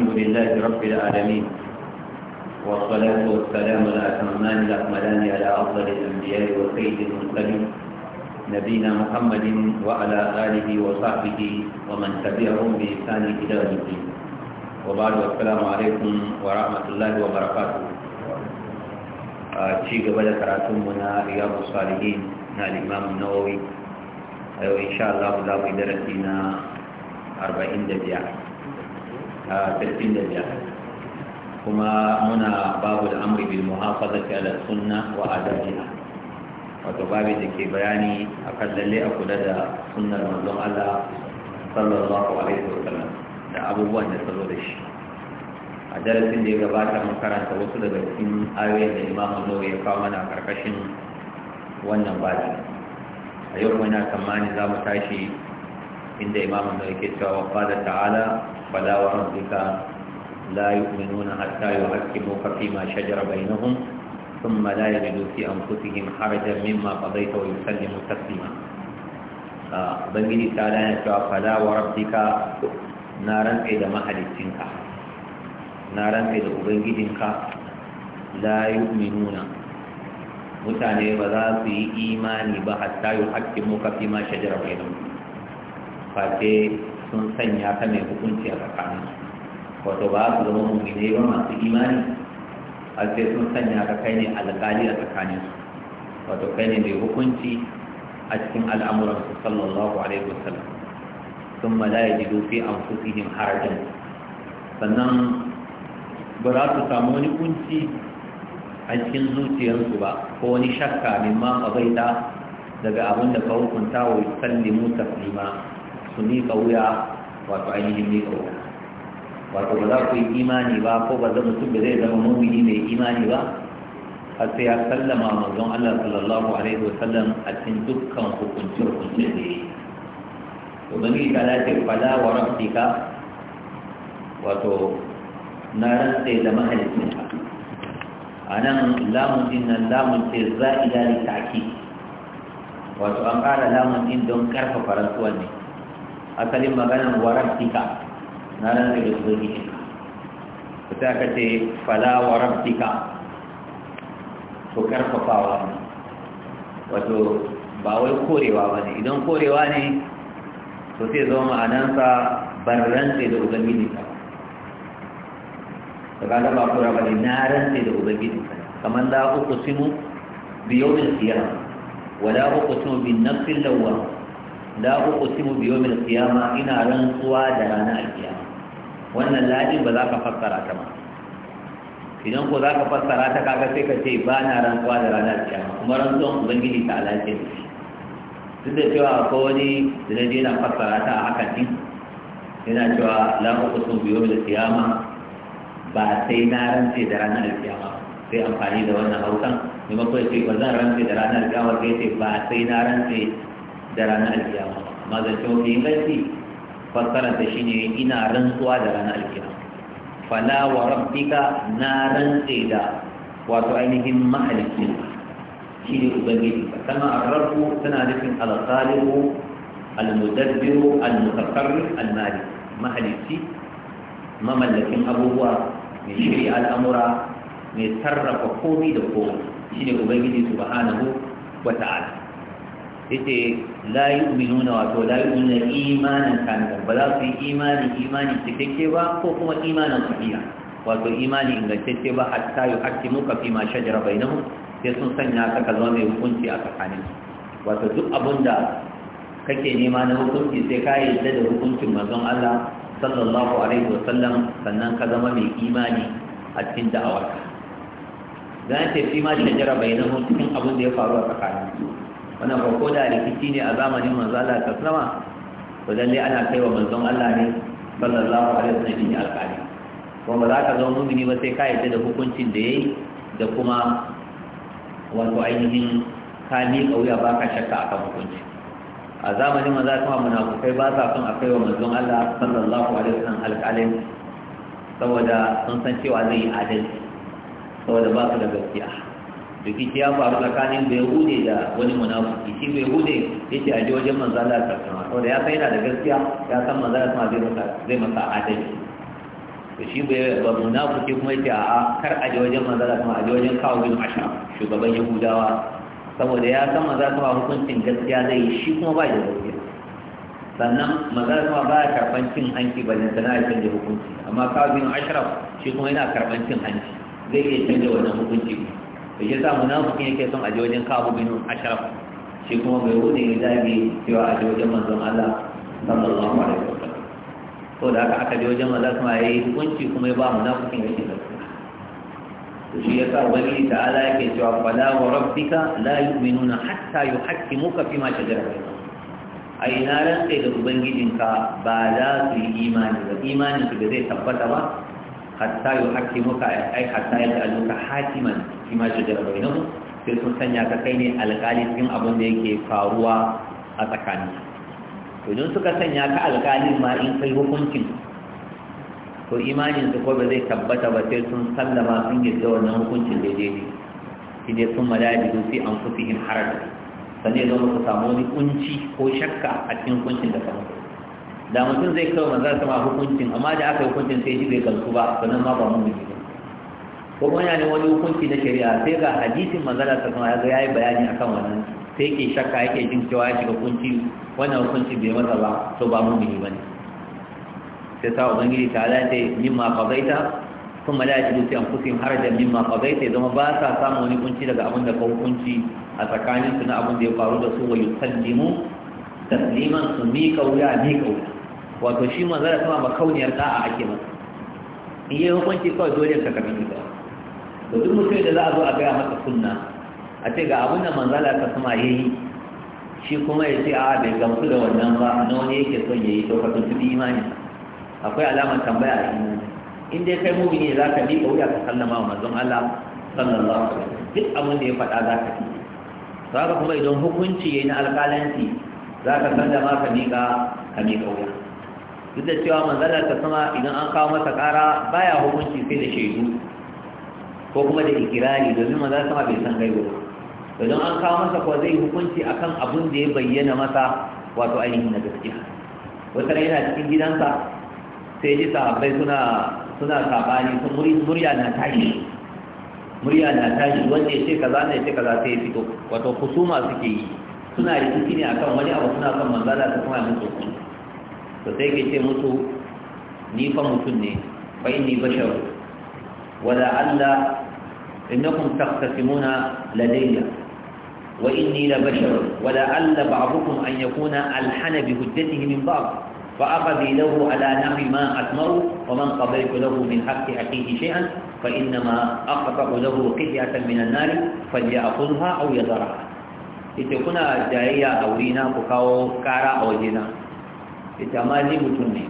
الحمد لله رب العالمين والصلاة والسلام على الأتمان الأكملان على أفضل الأنبياء وسيد المرسلين نبينا محمد وعلى آله وصحبه ومن تبعهم بإحسان إلى الدين وبعد السلام عليكم ورحمة الله وبركاته آه، شيء قبل da karatunmu na riyadu salihin na limamin nawawi شاء الله insha Allah أربعين mu A 65 kuma muna babu al'amuri bil muhafaza ala sunna wa adabiha wato babu da ke bayani akan lalle a kula da sunnar manzon Allah sallallahu alaihi wasallam da abubuwan da ta zo da shi a darasin da ya gabata makaranta, wasu daga cikin ayoyin da Imam Nawawi ya kawo mana karkashin wannan babu a yau muna tsammani za mu tashi عند إمام الملكة وقال تعالى فلا وربك لا يؤمنون حتى يحكموك فيما شجر بينهم ثم لا يجدوا في أنفسهم حرجا مما قضيت ويسلموا تسليما بنجي تعالى فلا وربك نارا إذا ما حدثتك نارا إذا أبنجدك لا يؤمنون متى ba za su yi imani ba hatta yi hakkin muka fi ma shajara face sun sanya ta mai hukunci a tsakanin su wato ba su zama mummune ba masu imani har sai sun sanya ka kai ne alƙali a tsakanin su wato kai ne mai hukunci a cikin al'amuran su sallallahu alaihi wasallam sun ya ji fi a fusihim harajin sannan ba za su samu wani kunci a cikin zuciyarsu ba ko wani shakka min ma ƙabaita daga abin da ka hukunta wa sallimu taslima su miƙa wuya wato ainihin miƙa wuya wato ba za ku yi imani ba ko ba zai mutum zai zama mumini mai imani ba har sai ya sallama manzon Allah sallallahu alaihi wa sallam a cikin dukkan hukuncin hukuncin da yi to bangi ta ce fada wa rabbika wato na rantsa da mahalicinka a nan lamun din nan lamun ce za'ida li ta'kid wato an ƙara lamun din don karfafa rantsuwar ne asalin maganan warabtika na nan da ubangiji ka ta ka ce fala warabtika to karfafawa wa wato ba wai korewa ba ne idan korewa ne to sai zo ma'anansa barrance da ubangiji ka da ka ga ba kura ba ne na rance da ubangiji ka kamar da uku simu biyau da siyar wala uku simu bin nafsin lawa la uqsimu bi yawmil qiyamah ina rantsuwa da ranar kiyama wannan ladin ba za ka fassara ta ba idan ko za ka fassara ta kaga sai ka ce ba na rantsuwa da ranar kiyama kuma rantsuwan ubangiji ta alaƙe da shi duk da cewa akwai wani da na je na fassara ta a haka din yana cewa la uqsimu bi yawmil qiyamah ba sai na rantse da ranar kiyama sai amfani da wannan hausan maimakon ya ce ba zan rantse da ranar kiyama sai ce ba sai na rantse da ranar alkiyama amma zancen mafi inganci fassara ta shine ina rantsuwa da ranar alkiyama fala wa rabbika na rantse da wato ainihin mahalicin shi ne ubangiji kama arrabu tana nufin alƙalibu almudabbiru almutakarri, almali mahalici mamallakin abubuwa mai shirya al'amura mai sarrafa komi da komi shi ne ubangiji subhanahu wa ta'ala yace la yu'minuna wato la yu'minuna imanan kamila ba za su yi imani imani cikakke ba ko kuma imanin sahiha wato imani ingantacce ba hatta muka fi ma shajara bainahu sai sun sanya ka kalma mai hukunci a tsakanin wato duk abunda kake nema na hukunci sai ka yarda da hukuncin manzon Allah sallallahu alaihi wasallam sannan ka zama mai imani a cikin da'awarka zan ce fi ma shajara bainahu cikin abin da ya faru a tsakanin wannan ba ko da rikici ne a zamanin manzo Allah ta sama to lalle ana kai wa manzon Allah ne sallallahu alaihi wasallam ne alƙali ko ba za ka zama mumini ba sai ka yarda da hukuncin da yayi da kuma wato ainihin ka kauya wuya ba ka shakka kan hukunci a zamanin maza kuma munafukai ba sa son a kai wa manzon Allah sallallahu alaihi wasallam alƙalin saboda sun san cewa zai yi adalci saboda ba su da gaskiya rikici ya faru tsakanin bai hude da wani munafiki shi bai hude yake aje wajen manzala da sassama saboda ya san yana da gaskiya ya san manzala sama zai masa adalci to shi bai ba munafiki kuma yake a kar aje wajen manzala kuma aje wajen kawo bin asha shugaban yahudawa saboda ya san manzala sama hukuncin gaskiya zai shi kuma ba da gaskiya sannan manzala sama ba ya karɓan cin hanci ba ne sana ya canja hukunci amma kawo bin ashraf shi kuma yana karɓan cin hanci zai iya canja wannan hukunci da ya sa munafikin yake son aje wajen kabu bin ashraf shi kuma mai rudi ne zagi cewa aje wajen manzon Allah sallallahu alaihi wasallam to da aka aka je wajen manzon kuma yayi hukunci kuma ya ba mu munafikin yake da to shi ya sa wani ta'ala yake cewa fala wa rabbika la yu'minuna hatta yuhaqqimuka fima shajara bainahum ai na rantsa da ubangijinka ba za su yi imani ba imanin su da zai tabbata ba hatta yuhaqqimuka ai hatta ya'aluka hakiman fi da shajara bainahu sai sun sanya ka kai ne alƙali cikin abin da yake faruwa a tsakani to don suka sanya ka alƙali ma in kai hukuncin to imanin su ko ba zai tabbata ba sai sun sallama sun yadda wannan hukuncin daidai ne shi ne sun mada da sai an kusa yin harar sannan zama ku samu wani kunci ko shakka a cikin hukuncin da kamar da mutum zai kawo manzan sama hukuncin amma da aka yi hukuncin sai shi bai gamsu ba sannan ma ba mu ne ko wani ne wani hukunci na shari'a sai ga hadisin manzala ta kuma ya yi bayani akan wannan sai yake shakka yake jin cewa ya shiga hukunci wannan hukunci bai masa ba to ba mu mini bane sai sa ubangiji ta ala ta mimma qadaita kuma dutse an fi anfusihim harajan mimma qadaita zama ba sa samun wani hukunci daga abin da ka hukunci a tsakanin su na abin da ya faru da su wa yusallimu tasliman su miƙa wuya miƙa wuya wato shi manzala kuma ba kauniyar da'a ake masa in yi hukunci kawai dole ka karbi ba da duk mutum da za a zo a gaya masa sunna a ce ga abin da manzala ta kuma ya yi shi kuma ya ce a bai gamsu da wannan ba na wani yake son ya yi lokacin su tuntubi imani akwai alamar tambaya a imani in dai kai mumini za ka miƙa wuya ka sallama wa manzon Allah sallallahu alaihi wasallam duk abin da ya faɗa za ka yi ka kuma idan hukunci ya yi na alƙalanci za ka sallama ka miƙa ka miƙa wuya duk da cewa Manzala ta sama idan an kawo masa ƙara baya hukunci sai da shaidu ko kuma da ikirari domin maza sama bai san gaibo to don an kawo masa ko zai hukunci akan abun da ya bayyana masa wato ainihin na gaskiya wata yana cikin gidansa sai ji sahabbai suna suna sabani sun murya na tashi murya na tashi wanda ya ce kaza ne ya ce kaza sai ya fito wato kusuma suke yi suna rikici ne akan wani abu suna son kan da ta kuma musu to sai ke ce musu ni fa mutum ne fa inni bashar wala alla إنكم تختصمون لدي وإني لبشر ولعل بعضكم أن يكون ألحن بهجته من بعض فأقضي له على نحو ما أثمر ومن قضيت له من حق أخيه شيئا فإنما أقطع له قطعة من النار فليأخذها أو يذرها ita kuna jayayya a wurina ku kawo kara a wajena ita ma ni mutum ne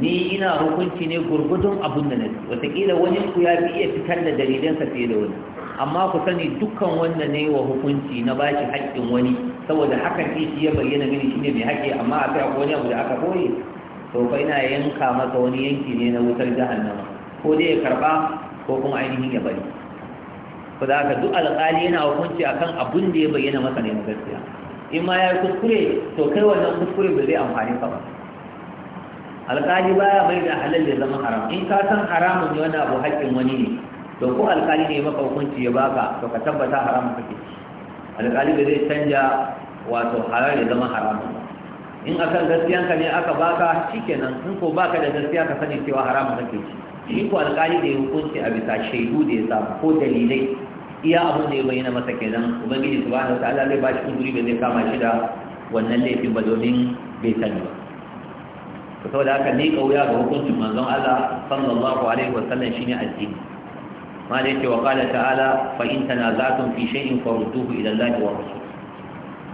ni ina hukunci ne gurgudun abun da nake wataƙila wani ku ya fi iya fitar da dalilansa fiye da wani amma ku sani dukkan wanda ne wa hukunci na ba shi haƙƙin wani saboda haka ce shi ya bayyana gani shi ne mai haƙƙi amma a kai wani abu da aka koye to fa ina yanka masa wani yanki ne na wutar jahannama ko dai ya karɓa ko kuma ainihin ya bari ku da haka duk alƙali yana hukunci akan abun da ya bayyana masa ne na gaskiya in ma ya kuskure to kai wannan kuskure ba zai amfani ka ba alƙali baya mai da halal da zama haram in ka san haramun ne wani abu haƙƙin wani ne to ko alƙali ne maka hukunci ya baka to ka tabbata haramun kake alƙali da zai canja wato halal ya zama haramun in gaskiya gaskiyanka ne aka baka shikenan in ko baka da gaskiya ka sani cewa haramun kake shi ko alƙali da ya hukunci a bisa shaidu da ya samu ko dalilai iya abin da ya bayyana masa kenan ubangiji subhanahu ta'ala zai ba shi kuduri ba zai kama shi da wannan laifin ba domin bai sani ba to saboda haka ne kauya ga hukuncin manzon Allah sallallahu alaihi wasallam shine addini ma da yake wa qala ta'ala fa in tanaza'tum fi shay'in farudduhu ila Allah wa rasul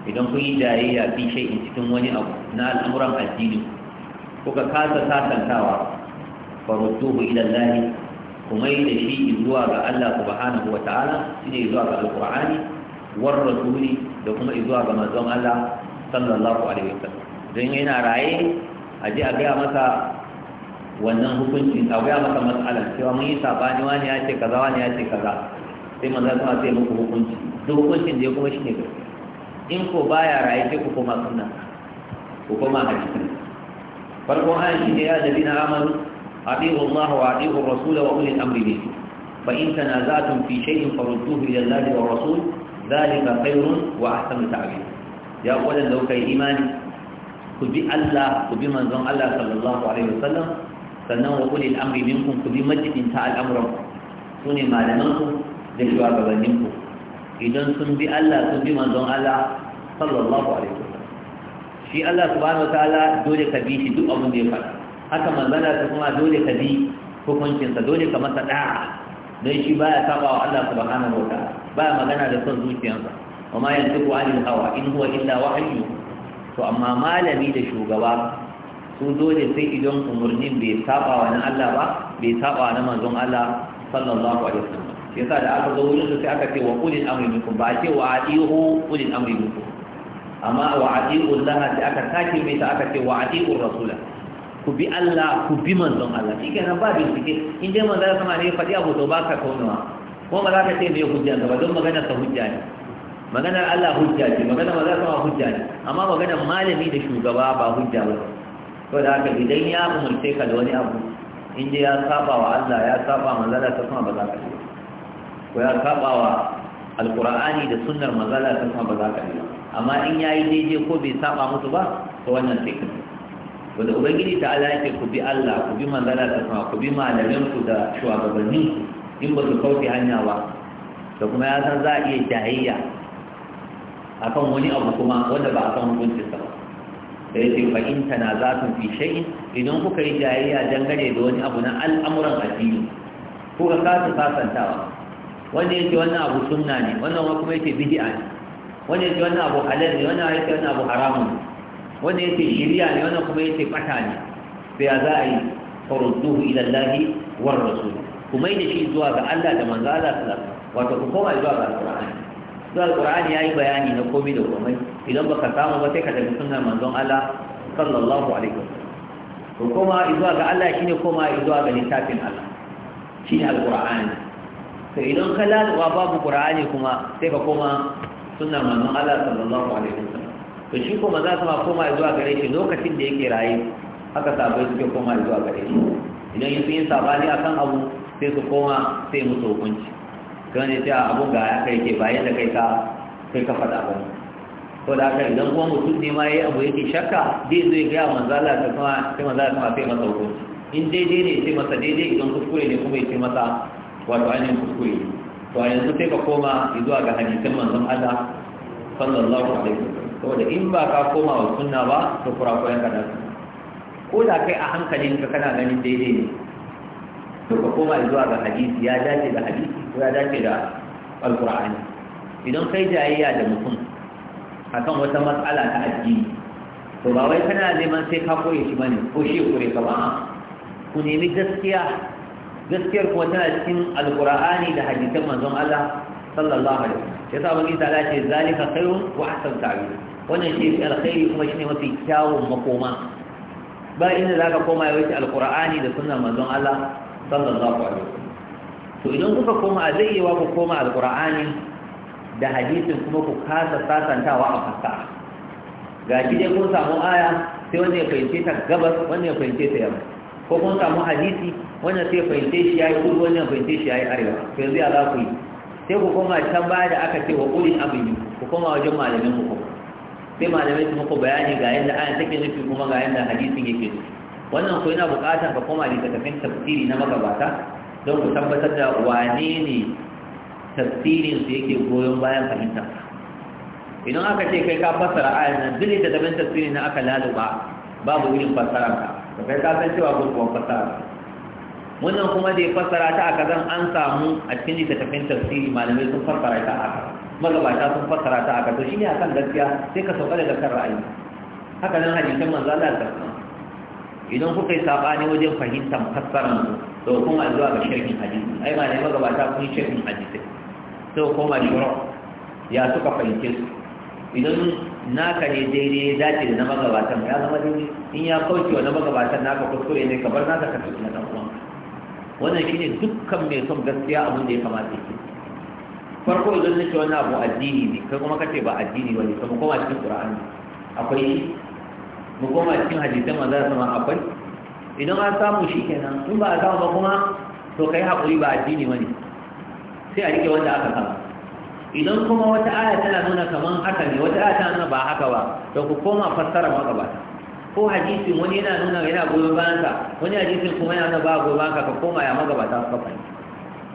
idan kun yi jayayya fi shay'in cikin wani abu na al'amuran addini kuka kasa sasantawa farudduhu ila Allah kuma yi da shi zuwa ga Allah subhanahu wa ta'ala shine zuwa ga alqur'ani war rasuli da kuma zuwa ga manzon Allah sallallahu alaihi wasallam dan yana raye a ji a gaya masa wannan hukunci a gaya masa matsalar cewa mun yi sabani wani ya ce kaza wani ya ce kaza sai maza sama sai muku hukunci duk hukuncin da ya kuma shi ne in ko ba ya raye ce ku koma suna ku koma a cikin farkon an shi ne ya zabi na amal abiyu allah wa abiyu rasul wa ulil amri bihi fa in tanaza'tum fi shay'in farudduhu ila allah wa rasul dalika khairun wa ahsanu ta'wila ya kwadan da imani ku bi Allah ku bi manzon Allah sallallahu alaihi wasallam sannan wa ulil amri minkum ku bi majidin ta al'amuran su malaman ku da shugabannin ku idan sun bi Allah sun bi manzon Allah sallallahu alaihi wasallam shi Allah subhanahu wataala dole ka bi shi duk abin da ya faɗa haka manzon ta kuma dole ka bi hukuncinsa dole ka masa da'a don shi baya saba wa Allah subhanahu wataala baya magana da son zuciyarsa wa ma yantiqu anil hawa in huwa illa wahyu to amma malami da shugaba su dole sai idan umarnin bai saba wa na Allah ba bai saba na manzon Allah sallallahu alaihi wasallam sai yasa da aka zo wurin su sai aka ce wa ulil amri minkum ba ce wa adihu ulil amri minkum amma wa adihu Allah sai aka sake mai ta aka ce wa adihu rasula ku bi Allah ku bi manzon Allah shi kenan ba bincike in dai manzon Allah sama ne faɗi abu to ka kaunawa ko ba za ka ce me hujja ba don magana ta hujja ne maganar Allah hujja ce maganar maza kuma hujja ne amma maganar malami da shugaba ba hujja ba to da haka idan ya umurce ka da wani abu in dai ya saba wa Allah ya saba manzala ta kuma ba za ka yi ko ya saba wa alqur'ani da sunnar manzala ta kuma ba za ka yi amma in yayi daidai ko bai saba musu ba to wannan sai ka ko da ubangiji ta Allah yake ku bi Allah ku bi manzala ta kuma ku bi malamin ku da shugabanni in ba su kauce hanya ba da kuma ya san za a iya jahiyya akan wani abu kuma wanda ba a san hukuncin sa ba da yake fa in tanazatun fi shay'in idan kuka yi jayayya dangane da wani abu na al'amuran addini kuka kasa sasantawa wanda yake wannan abu sunna ne wannan kuma yake bid'a ne wanda yake wannan abu halal ne wannan yake wannan abu haramun wanda yake shari'a ne wannan kuma yake bata ne sai ya za a yi farudduhu ila Allah war rasul kuma yi da shi zuwa ga Allah da manzo Allah sallallahu alaihi wasallam wato ku koma zuwa ga Al-Qur'ani zuwa alƙur'ani ya yi bayani na komai da komai idan baka samu ba sai ka tafi sunan manzon Allah sallallahu alaihi wasallam to koma zuwa ga Allah shine koma izuwa ga littafin Allah shine alqur'ani to idan ka wa babu qur'ani kuma sai ka koma sunan manzon Allah sallallahu alaihi wasallam to shi kuma za su ma koma izuwa gare shi lokacin da yake raye haka sabai suke koma izuwa gare shi idan yin sun yi sabani akan abu sai su koma sai musu hukunci gane ne ta abu ga ya kai ke bayan da kai ka kai ka faɗa ba ko da haka idan kuma mutum ne ma yayi abu yake shakka zai ya ga manzo Allah ta kuma sai manzo Allah ta sai masa hukunci in daidai ne sai masa daidai idan kuskure ne kuma yake masa wato ainihin kuskure to a yanzu sai ka koma zuwa ga hadisin manzon Allah sallallahu alaihi wasallam saboda in ba ka koma wa sunna ba to kurakuren ka da ko da kai a hankalinka ka kana ganin daidai ne to ka koma zuwa ga hadisi ya dace da hadisi ko ya dace da alkur'ani idan kai jayayya da mutum a kan wata matsala ta addini to ba wai kana neman sai ka koye shi bane ko shi kure ka ba ku nemi gaskiya gaskiyar kuma tana cikin alkur'ani da hadisan manzon Allah sallallahu alaihi wasallam yasa wani ta lace zalika khairun wa ahsan ta'wil wannan shi alkhairi kuma shine mafi kyawun makoma ba inda zaka koma ya wuce alkur'ani da sunnar manzon Allah sallallahu alaihi wasallam to idan kuka koma zai ku koma alqur'ani da hadisin kuma ku kasa sasantawa a fasaha ga shi dai kun samu aya sai wanda ya fahimce ta gabas wanda ya fahimce ta yamma ko kun samu hadisi wanda sai ya fahimce shi yayi kudu wanda ya fahimce shi yayi arewa to yanzu ya za ku yi sai ku koma can baya da aka ce wa ulil amri ku koma wajen malamin ku sai malamai su muku bayani ga yadda ayan take nufi kuma ga yadda hadisin yake nufi wannan ko yana buƙatar ka koma littattafin tafsiri na magabata don ku tabbatar da wane ne tafsirin su yake goyon bayan fahimtar idan aka ce kai ka fassara ayar nan duk da daban tafsirin na aka laluba babu irin fassara ka da kai ka san cewa gurbuwan fassara wannan kuma da ya fassara ta aka zan an samu a cikin littattafin tafsiri malamai sun fassara ta aka magabata sun fassara ta aka to a kan gaskiya sai ka sauka daga kan ra'ayi haka nan hadisin manzo Allah ta idan kuka yi sabani wajen fahimtar fassarar to kuma zuwa ga shirkin hadisi ai ma ne magabata kun shirkin hadisi to kuma shiro ya suka fahimce su idan naka ne daidai ya dace da na magabatan ya zama daidai in ya kauce wa na magabatan naka kuskure ne kamar naka ka tafi na dan uwan wannan shine dukkan mai son gaskiya abin da ya kamata yake farko idan nake wani abu addini ne kai kuma kace ba addini bane kuma koma cikin qur'ani akwai mu koma cikin hadisan manzo sama akwai idan an samu shi kenan in ba a samu ba kuma to kai haƙuri ba addini wani sai a rike wanda aka kama. idan kuma wata aya tana nuna kaman haka ne wata aya tana nuna ba haka ba to ku koma fassara magabata ko hadisin wani yana nuna yana goyon ka, wani hadisin kuma yana nuna ba goyon bayan ka koma ya magabata ka kafa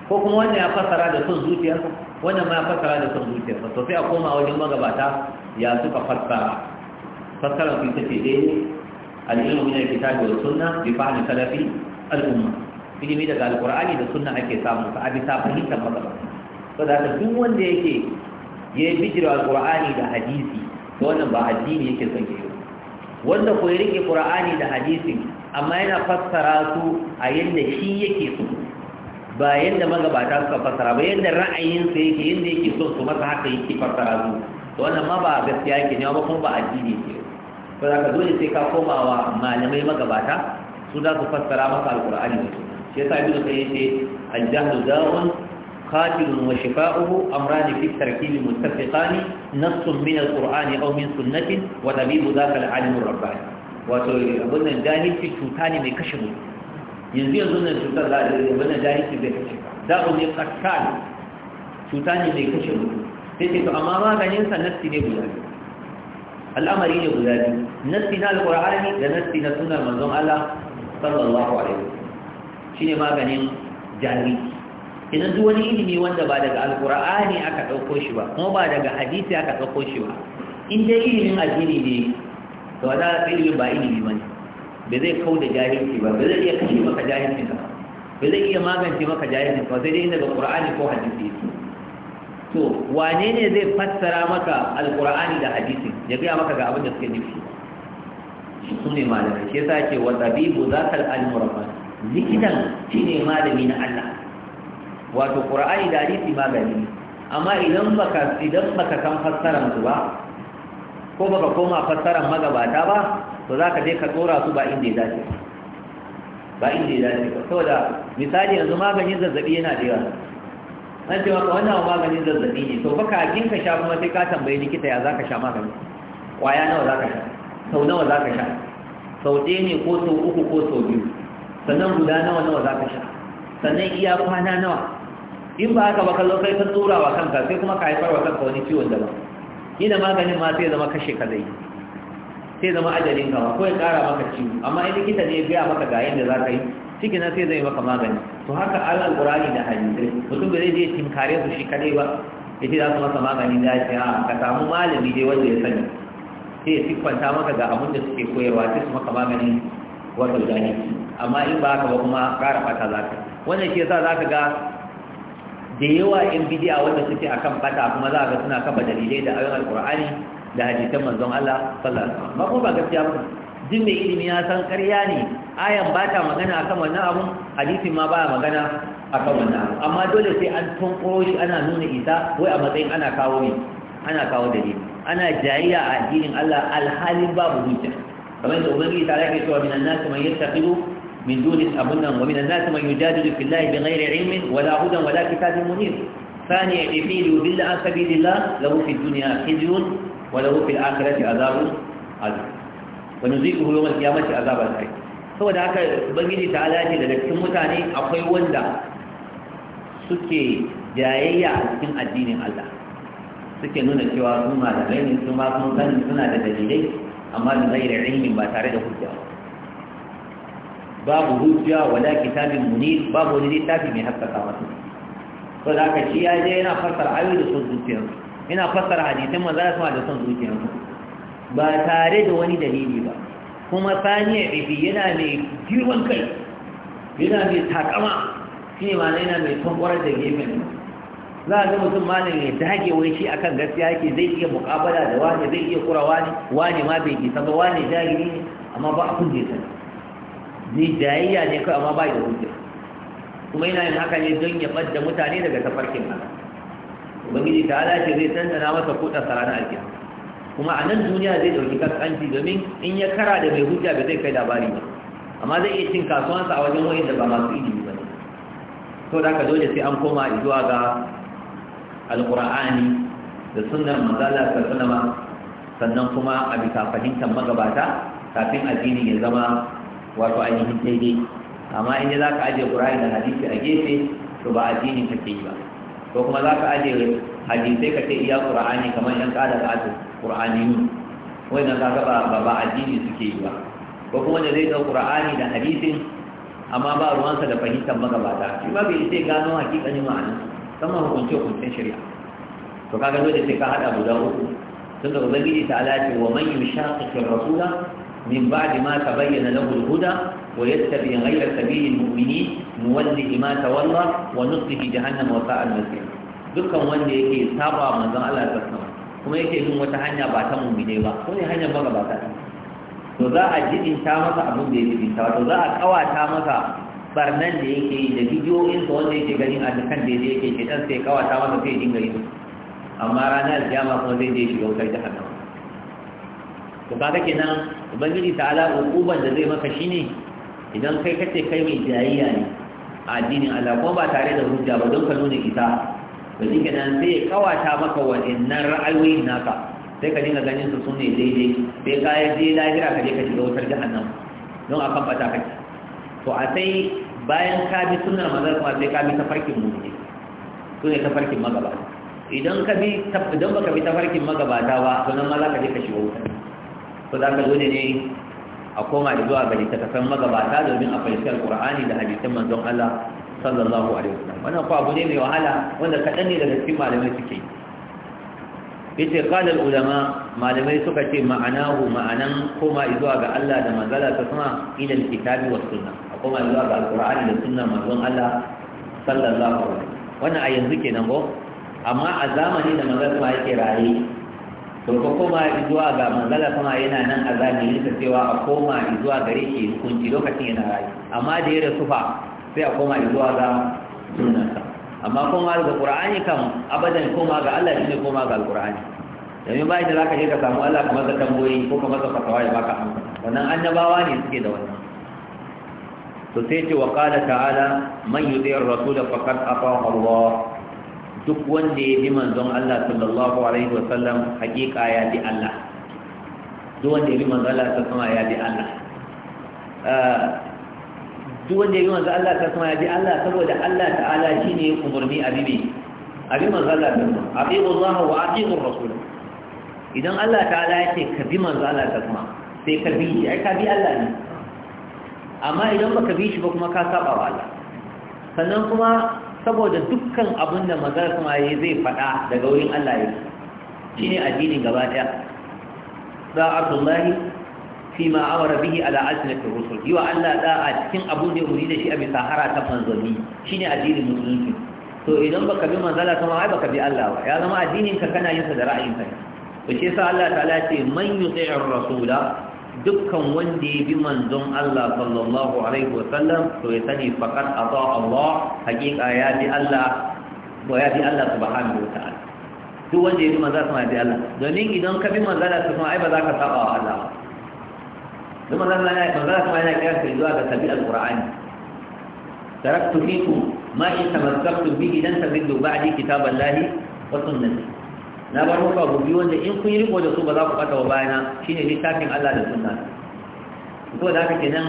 ko kuma wanda ya fassara da son zuciya wanda ma ya fassara da son zuciya to sai a koma wajen magabata ya suka fassara fassara su ta ce dai alilu min alkitabi wa sunna bi fahmi salafi al'umma ilimi daga alqur'ani da sunna ake samu ta abi ta fahimtar to da ta duk wanda yake ya bijira alqur'ani da hadisi to wannan ba addini yake son ke wanda ko ya rike qur'ani da hadisi amma yana fassara su a yanda shi yake so ba yanda magabata suka fassara ba yanda ra'ayinsa yake yanda yake so su masa haka yake fassara su to wannan ma ba gaskiya yake ne ba kuma ba addini yake ba za ka dole sai ka koma wa malamai magabata su za su fassara maka alkur'ani ne shi yasa ibnu sai yace al-jahlu da'un qatilun wa shifa'uhu amrani fi tarkibi muttafiqani nassun min al-qur'ani aw min sunnatin wa tabibu dhaka al-alim ar-rabbani wato abun nan jahilci cuta ne mai kashe mu. yanzu yanzu nan cuta da abun jahilci zai kashe ne qatal cuta ne mai kashe mu. sai ce to amma maganin sa nassi ne guda biyu al'amari ne guda biyu nassi na alqur'ani da nassi na sunnar manzon Allah sallallahu alaihi wasallam shine maganin jahili idan duk wani ilimi wanda ba daga alkur'ani aka ɗauko shi ba kuma ba daga hadisi aka ɗauko shi ba in dai ilimin addini ne to wanda ilimin ba ilimi ba ne ba zai kau da jahilci ba ba zai iya kashe maka jahilci ba ba zai iya magance maka jahilci ba sai dai daga qur'ani ko hadisi to wane ne zai fassara maka alkur'ani da hadisi ya gaya maka ga abin da suke nufi su ne malami ke sa ke wa tabibu za al al'amurafa likitan shine malami na Allah wato qur'ani da hadisi magani amma idan baka idan baka san fassaran su ba ko baka koma fassaran magabata ba to za ka je ka tsora su ba inda ya dace ba inda ya dace ba saboda misali yanzu maganin zazzabi yana da yawa an ce maka wannan maganin zazzabi ne to baka kafin ka sha kuma sai ka tambayi likita ya zaka sha magani kwaya nawa zaka sha sau nawa zaka sha sau ɗaya ne ko sau uku ko sau biyu sannan guda nawa nawa zaka sha sannan iya kwana nawa in ba haka ba kallo kai ka tsura wa kanka sai kuma ka haifar wa kanka wani ciwon daban ina maganin ma sai zama kashe ka zai sai zama ajalin ka ko ya kara maka ciwo amma in likita ne ya gaya maka ga yadda za ka yi cikin na sai zai maka magani to haka alal qur'ani da hadisi mutum bai zai tinkare su shi kadai ba yace za su maka magani da shi ha ah, ka samu malami dai wanda ya sani sai ya kwanta maka ga abin da suke koyarwa sai su maka magani wato gani amma in ba haka ba kuma ƙara fata za ka wannan shi yasa za ka ga da yawa yan bidiya wanda suke akan fata kuma za ka ga suna kafa dalilai da ayoyin alqur'ani da hadisan manzon Allah sallallahu alaihi wasallam ba ko ba gaskiya ba jin mai ilimi ya san ƙarya ne ayan ba ta magana a kan wannan abun hadisin ma ba magana a kan wannan abu amma dole sai an tunkuro shi ana nuna isa wai a matsayin ana kawo ne ana kawo dalili ana jayayya a addinin Allah alhalin babu hujja kamar da ubangiji ta rake cewa minan nas man yattaqilu min duni abunnan wa minan nas man yujadilu fillahi bighairi ilmin wala hudan wala kitabin munir ثاني اعتقيل يضل عن سبيل الله له في الدنيا خزي وله في الآخرة عذاب عظيم wani zai kuhu yawan kiyama ce azabar sai saboda haka ubangiji ta alaji daga cikin mutane akwai wanda suke jayayya a cikin addinin Allah suke nuna cewa su malamai ne suna da dalilai amma zai da ilimin ba tare da hujja babu hujja wala kitabin munir babu wani littafi mai haskaka masu to da shi ya je yana fassara da yana fassara da ba tare da wani dalili ba kuma saniya ibi yana mai girman kai yana mai takama shi ne mana yana mai tankwarar da gefen za a sun mutum malam ya dage wai shi akan gaskiya ke zai iya mukabala da wani zai iya kura wani wani ma bai gisa ba wani jahili ne amma ba a kunje sa ni jayayya ne kai amma ba da hujja kuma yana yin haka ne don ya ɓadda mutane daga tafarkin Allah ubangiji ta ala ce zai tantana masa kuɗa sarana alkiyama kuma a nan duniya zai ɗauki kaskanci domin in ya kara da mai hujja ba zai kai labari ba amma zai iya cin kasuwansa a wajen wayan da ba masu ilimi ba ne to da ka dole sai an koma zuwa ga alƙur'ani da sunnar manzala ta sunama sannan kuma a bisa fahimtar magabata kafin addini ya zama wato ainihin daidai amma in ya za ka ajiye ƙur'ani da hadisi a gefe to ba addini kake yi ba ko kuma za ka ajiye hadisai ka ce iya ƙur'ani kamar yan ƙada da qur'aniyun wannan kaga ba ba addini suke yi ba ko kuma wanda zai dau ƙur'ani da hadisin amma ba ruwansa da fahimtar magabata shi ma bai sai gano hakikanin ma'ana sama hukunce hukuncen shari'a to kaga dole sai ka hada guda uku tunda ubangiji ta alaƙi wa man yushaqiqir rasula min ba'di ma ta bayyana na tabayyana lahu al-huda ويتبع غير سبيل المؤمنين نوله ما تولى ونصله جهنم وساء المسير dukkan wanda yake saba manzon Allah ta sama kuma yake bin wata hanya ba ta mummune ba ko ne hanyar ba ba ta to za a jiɗinta masa abin da ya jibinta wato za a kawata masa barnan da yake yi da bidiyoyin da wanda yake gani a kan da yake ke dan sai kawata masa sai dinga yi amma ranar kiyama kuma zai je shiga wutar nan. to kaga nan ubangiji ala uban da zai maka shine idan kai kace kai mai jayayya ne a addinin Allah ko ba tare da hujja ba don ka nuna isa to shi kenan sai kawata maka waɗannan ra'ayoyin naka sai ka dinga ganin su sun ne daidai sai ka yi je lahira ka je ka shiga wutar jahannam don a kan fata kai to a sai bayan ka bi sunan mazar kuma sai ka bi tafarkin mu'mini su ne tafarkin magabata idan ka bi idan baka bi tafarkin magabata ba to nan ma za ka je ka shiga wutar to za ka zo ne a koma da zuwa ga kasan magabata domin a fahimci ƙurani da hadisin manzon Allah sallallahu alaihi wasallam wannan ko abu ne mai wahala wanda kaɗan ne daga cikin malamai suke yace qala al ulama malamai suka ce ma'anahu ma'anan koma izuwa ga Allah da manzala ta kuma ila al kitabi was sunna koma izuwa ga alqur'ani da sunna manzon Allah sallallahu alaihi wasallam wannan a yanzu kenan go? amma a zamani da manzala kuma yake raye to ko koma izuwa ga manzala kuma yana nan a zamani ta cewa a koma izuwa gare shi hukunci lokacin yana raye amma da ya rasu fa sai a koma zuwa ga sunansa amma koma ga qur'ani kam abadan koma ga Allah shine koma ga alqur'ani yanzu ba idan zaka je ka samu Allah kamar da tamboyi ko kamar da fatawa ya baka amsa wannan annabawa ne suke da wannan to sai ce wa qala ta'ala man yuti'ir rasul faqad ata'a Allah duk wanda ya bi manzon Allah sallallahu alaihi wa sallam hakika ya bi Allah duk wanda ya bi manzon Allah sallallahu alaihi wa sallam ya bi Allah eh, duk wanda ya bi manzo Allah ta kuma ya bi Allah saboda Allah ta'ala shi ne shine umurni abibi abin manzo Allah ta kuma abibu Allah wa abibu Rasul idan Allah ta'ala ya ce ka bi manzo Allah ta kuma sai ka bi shi ai ka bi Allah ne amma idan baka bi shi ba kuma ka saba wa Allah sannan kuma saboda dukkan abin da manzo kuma yayi zai faɗa daga wurin Allah ya shi ne addini gaba daya da Abdullahi fima amara bihi ala asnatir rusul yiwa Allah a cikin abun da umuri da shi a bisa hara ta manzanni shine addinin musulunci to idan baka bi manzala kuma ai baka bi Allah ba ya zama addinin ka kana yin sa da ra'ayin ka to shi yasa Allah ta'ala ce man yuti'ir rasula dukkan wanda ya bi manzon Allah sallallahu alaihi Wasallam, to ya sani faqad ata Allah hakika ya bi Allah wa ya bi Allah subhanahu wa ta'ala duk wanda ya bi manzala ma, ya bi Allah domin idan ka bi manzala kuma ai ba za ka saba wa Allah ثم لما لا يتغلق ما يكاد في الواقع سبيل القرآن تركت فيكم ما إن تمسكتم به لن تبدوا بعدي كتاب الله وسنتي na bar muku gobe, biyu wanda in kun yi riko da su ba za ku kata wa bayana shine littafin Allah da sunna ko da haka nan,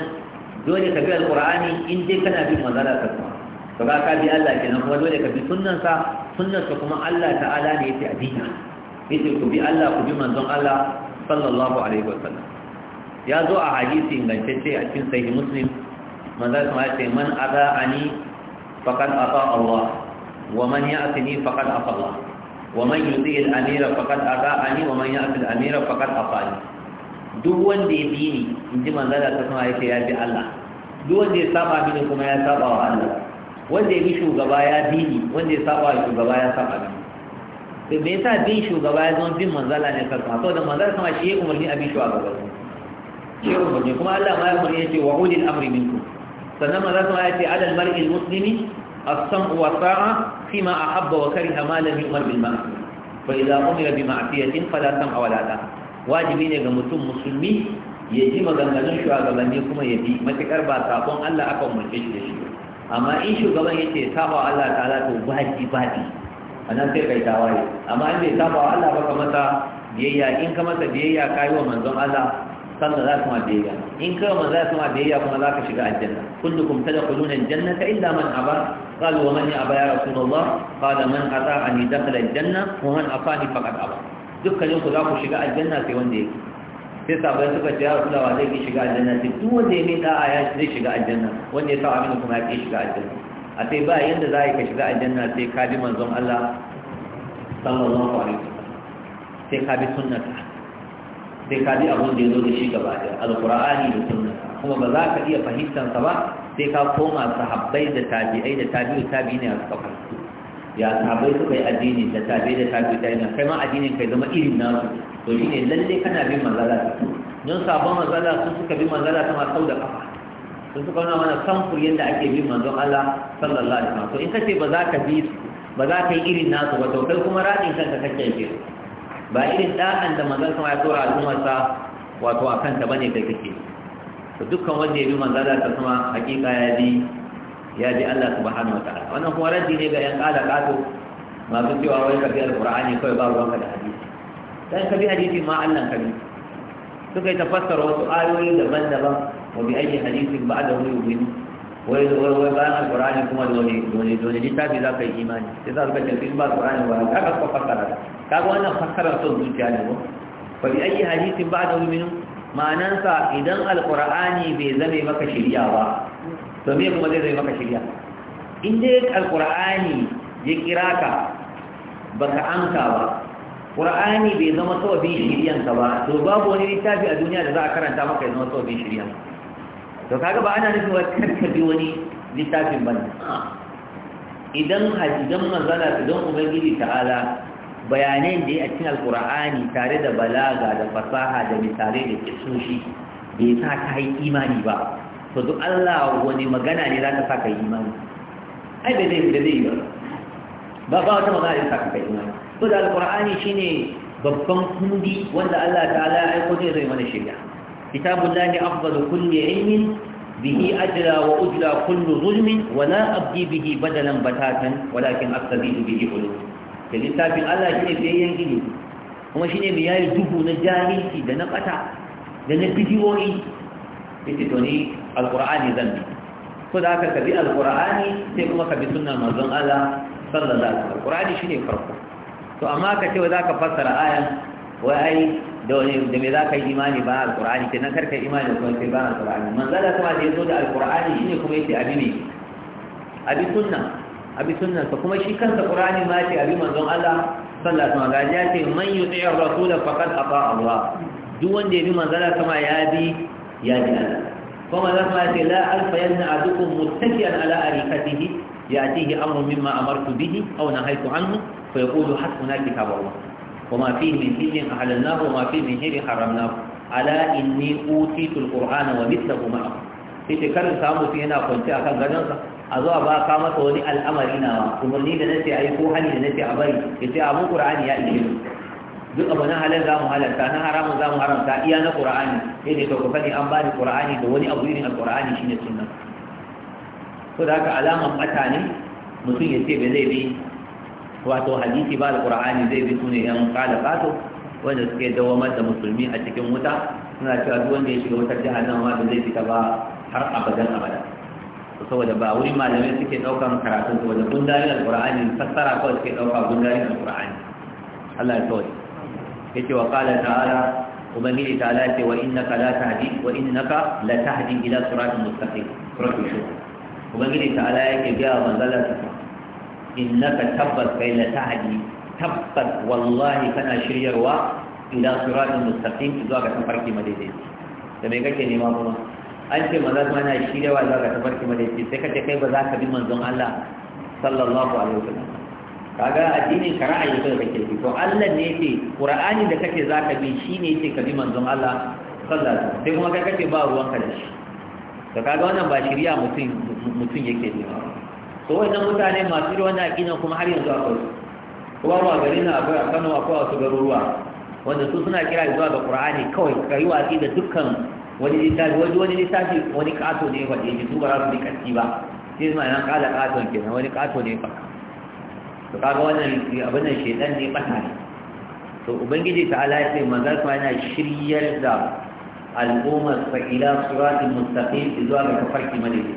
dole ka bi alqur'ani in dai kana bin manzara ta kuma to ba ka bi Allah kenan kuma dole ka bi sunnan sa sunnan sa kuma Allah ta'ala ne yake abita yace ku bi Allah ku bi manzon Allah sallallahu alaihi wasallam ya zo a hadisi ingantacce a cikin sahih muslim manzo kuma ya ce man ada'ani faqad ata Allah wa man ya'tini faqad ata Allah wa man yuti al-amira faqad ada'ani wa man ya'ti al-amira faqad ata'ani duk wanda ya bi ni inji manzo da kuma ya ce ya bi Allah duk wanda ya saba mini kuma ya saba wa Allah wanda ya bi shugaba ya bi ni wanda ya saba wa shugaba ya saba mini sai me yasa bin shugaba ya zama bin manzala ne sarfa to da manzala sama shi ya umarni a bin shugaba irin mu kuma Allah ma ya murya yace wa ulil amri minkum sannan ma za su ya ce alal mar'il muslimi as-sam'u wa ta'a fima ahabba wa kariha ma lam yu'mar bil ma'ruf fa idza umira bi ma'siyatin fala sam'a wa la ta'a wajibi ne ga mutum musulmi ya ji maganganun shugabanni kuma ya bi matukar ba sabon Allah aka umarce shi da shi amma in shugaban yace sabawa Allah ta'ala to baji baji anan sai kai tawaye amma in bai saba Allah ba ka masa biyayya in ka masa biyayya kai wa manzon Allah sannan za su ma biyayya in kawai ma za su ma biyayya kuma za ka shiga aljanna kullukum janna ta illa man a aba qalu wa man aba ya rasulullah qala man ata'ani dakhala janna wa man afani faqad aba dukkanin ku za ku shiga aljanna sai wanda yake sai sabai suka ce ya rasulullah zai ki shiga aljanna sai duk wanda ya mai da'a ya zai shiga aljanna wanda ya sa amina kuma ya ki shiga aljanna a sai ba yadda za a yi ka shiga aljanna sai ka bi manzon Allah sallallahu alaihi wasallam sai ka bi sunnata sai ka ji abin da ya zo da shi gaba da alkur'ani da sunna kuma ba za ka iya fahimtar sa ba sai ka koma sahabbai da tabi'ai da tabi'u tabi'ina a kafa ya sahabbai suka yi addini da tabi'ai da tabi'u tabi'ina kai ma addinin kai zama irin nasu to ne lalle kana bin manzala don sabon manzala su suka bi manzala ta sau da kafa sun suka nuna mana samfur yadda ake bin manzon Allah sallallahu alaihi wasallam to in kace ba za ka bi ba za ka yi irin nasu ba to kai kuma radin kanka kake yi ba irin ɗa'an da manzan sama ya tsora al'ummarsa wato a kanta ba ne kai kake to dukkan wanda ya bi manzan da ta sama hakika ya bi ya bi Allah subhanahu wa ta'ala wannan kuma raddi ne ga 'yan ƙada ƙato masu cewa wani ka bi alƙur'ani kawai ba ruwanka da hadisi dan ka bi hadisi ma Allah ka bi suka yi tafassara wasu ayoyi daban-daban wa bi ayyi da ba'dahu yu'minu wai wai bayan alqur'ani kuma da wani wani wani littafi za ka yi imani sai za ka tafi ba Alƙur'ani ba Za ka ko fassara ka ga wannan fassara son zuciya ne ko fa bi ayi hadisin ba'da mu'minu ma'anansa idan alƙur'ani bai zame maka shirya ba to me kuma zai zame maka shirya? in dai alƙur'ani ya kira ka baka amsa ba ƙur'ani bai zama sababin shari'anka ba to babu wani littafi a duniya da za a karanta maka ya zama sababin shari'anka to kaga ba ana nufin wani karkabi wani littafin ba idan hajjidan manzana idan ubangiji ta'ala bayanan da ya a cikin alkur'ani tare da balaga da fasaha da misalai da kisoshi bai sa ka yi imani ba to duk Allah wani magana ne za ka sa ka yi imani ai bai zai da zai ba ba wata magana da sa ka yi imani to da alkur'ani shine babban kundi wanda Allah ta'ala ya aiko zai zai mana shirya كتاب الله أفضل كل علم به أجرى وأجرى كل ظلم ولا أبدي به بدلا بتاتا ولكن أستزيد به علوم كالكتاب الله شيء بيان kuma shine mai yayi duhu na jahilci da na bata da na bidiyoyi yace to ni alqur'ani zan bi ko da aka kabi alqur'ani sai kuma ka bi sunnar manzon Allah sallallahu alaihi farko to amma ka ce za ka fassara ayan da wani da me za ka yi imani ba alkur'ani kenan karka imani da kuma sai ba alƙur'ani? manzala kuma da ya zo da alkur'ani shine kuma yace abi ne abi sunna abi sunna ko kuma shi kansa ƙur'ani ma yace abi manzon Allah sallallahu alaihi wasallam ya ce man yuti'ir rasul faqad ata Allah duk wanda ya bi manzala kuma ya bi ya bi Allah kuma manzala kuma yace la alfayanna adukum muttakiyan ala arikatihi ya'tihi amrun mimma amartu bihi aw nahaytu anhu fa yaqulu hasbuna kitabu Allah وما فيه من سجن أحللناه وما فيه من شر حرمناه ألا إني أوتيت القرآن ومثله معه sai karin samu sai yana kwanci a kan gadonsa a zuwa ba ka masa wani al'amari na umarni da nace a yi ko hali da nace a bari ya ce abin ƙur'ani ya ishe mu duk abu na halal za halarta na haramun za mu haramta iya na ƙur'ani sai ku sani an bani ƙur'ani da wani abu irin alƙur'ani shine da haka alaman ɓata ne mutum ya ce ba zai bi wato hadisi ba da qur'ani zai bi sune yan kala kato wanda suke dawamar da musulmi a cikin wuta suna cewa duk wanda ya shiga wutar jahannama ba zai fita ba har abadan abada saboda ba wuri malamai suke daukan karatun saboda al alqur'ani fassara kawai suke ɗauka dauka al alqur'ani Allah ya kawai yake wa qala ta'ala ubangiji ta'ala ce wa innaka la tahdi wa innaka la tahdi ila siratin mustaqim suratul shura ubangiji ta'ala yake ga manzalar sa innaka tabbas kai la tahdi tabbas wallahi kana shiryarwa ila siratin mustaqim zuwa ga tafarki madaidaici da me kake nema kuma an ce maza kuma na shiryarwa zuwa ga tafarki madaidaici sai kace kai ba za ka bi manzon Allah sallallahu alaihi wasallam kaga addinin ka ra'ayi kai kake bi to Allah ne yake Qur'ani da kake ka bi shine yake ka bi manzon Allah sallallahu alaihi wasallam sai kuma kai kake ba ruwan ka da shi to kaga wannan ba shiriya mutum mutum yake nema to wannan mutane masu irin wannan aƙina kuma har yanzu akwai kuma ba gari na akwai a Kano akwai wasu garuruwa wanda su suna kira zuwa ga Qur'ani kawai yi watsi da dukkan wani littafi wani wani littafi wani ƙato ne fa yaji su ba za su bi ƙarfi ba sai ma nan ƙato ne kenan wani kato ne fa to kaga wannan abin nan shaidan ne ɓata ne to ubangiji ta ala ya ce manzon yana shiryar da al'ummar fa suratun siratin mustaqim zuwa ga tafarki madadi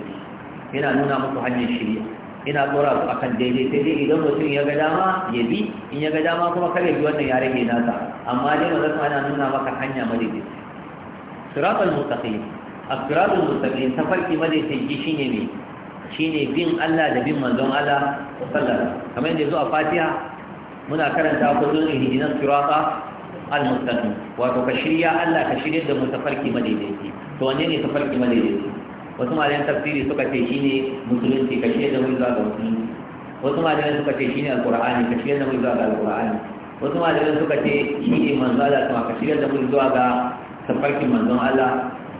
yana nuna muku hanyar shirya ina tsora a kan daidai sai dai idan mutum ya ga dama ya bi in ya ga dama kuma kare bi wannan ya rage nasa amma dai mazan yana nuna maka hanya madaidai siratul mustaqim A siratul mustaqim tafarki madaidai shine me shine bin Allah da bin manzon Allah sallallahu alaihi wasallam kamar yadda zuwa Fatiha muna karanta kullun ihdinas sirata al-mustaqim wato ka shirya Allah ka shirya da mutafarki madaidai to wanne ne tafarki madaidai wasu malayan tafsiri suka ce shine musulunci ka shi da zuwa ga musulunci wasu malayan suka ce shine alkur'ani ka shi da zuwa ga alkur'ani wasu malayan suka ce shine manzo Allah kuma ka shi da zuwa ga tafarkin manzo Allah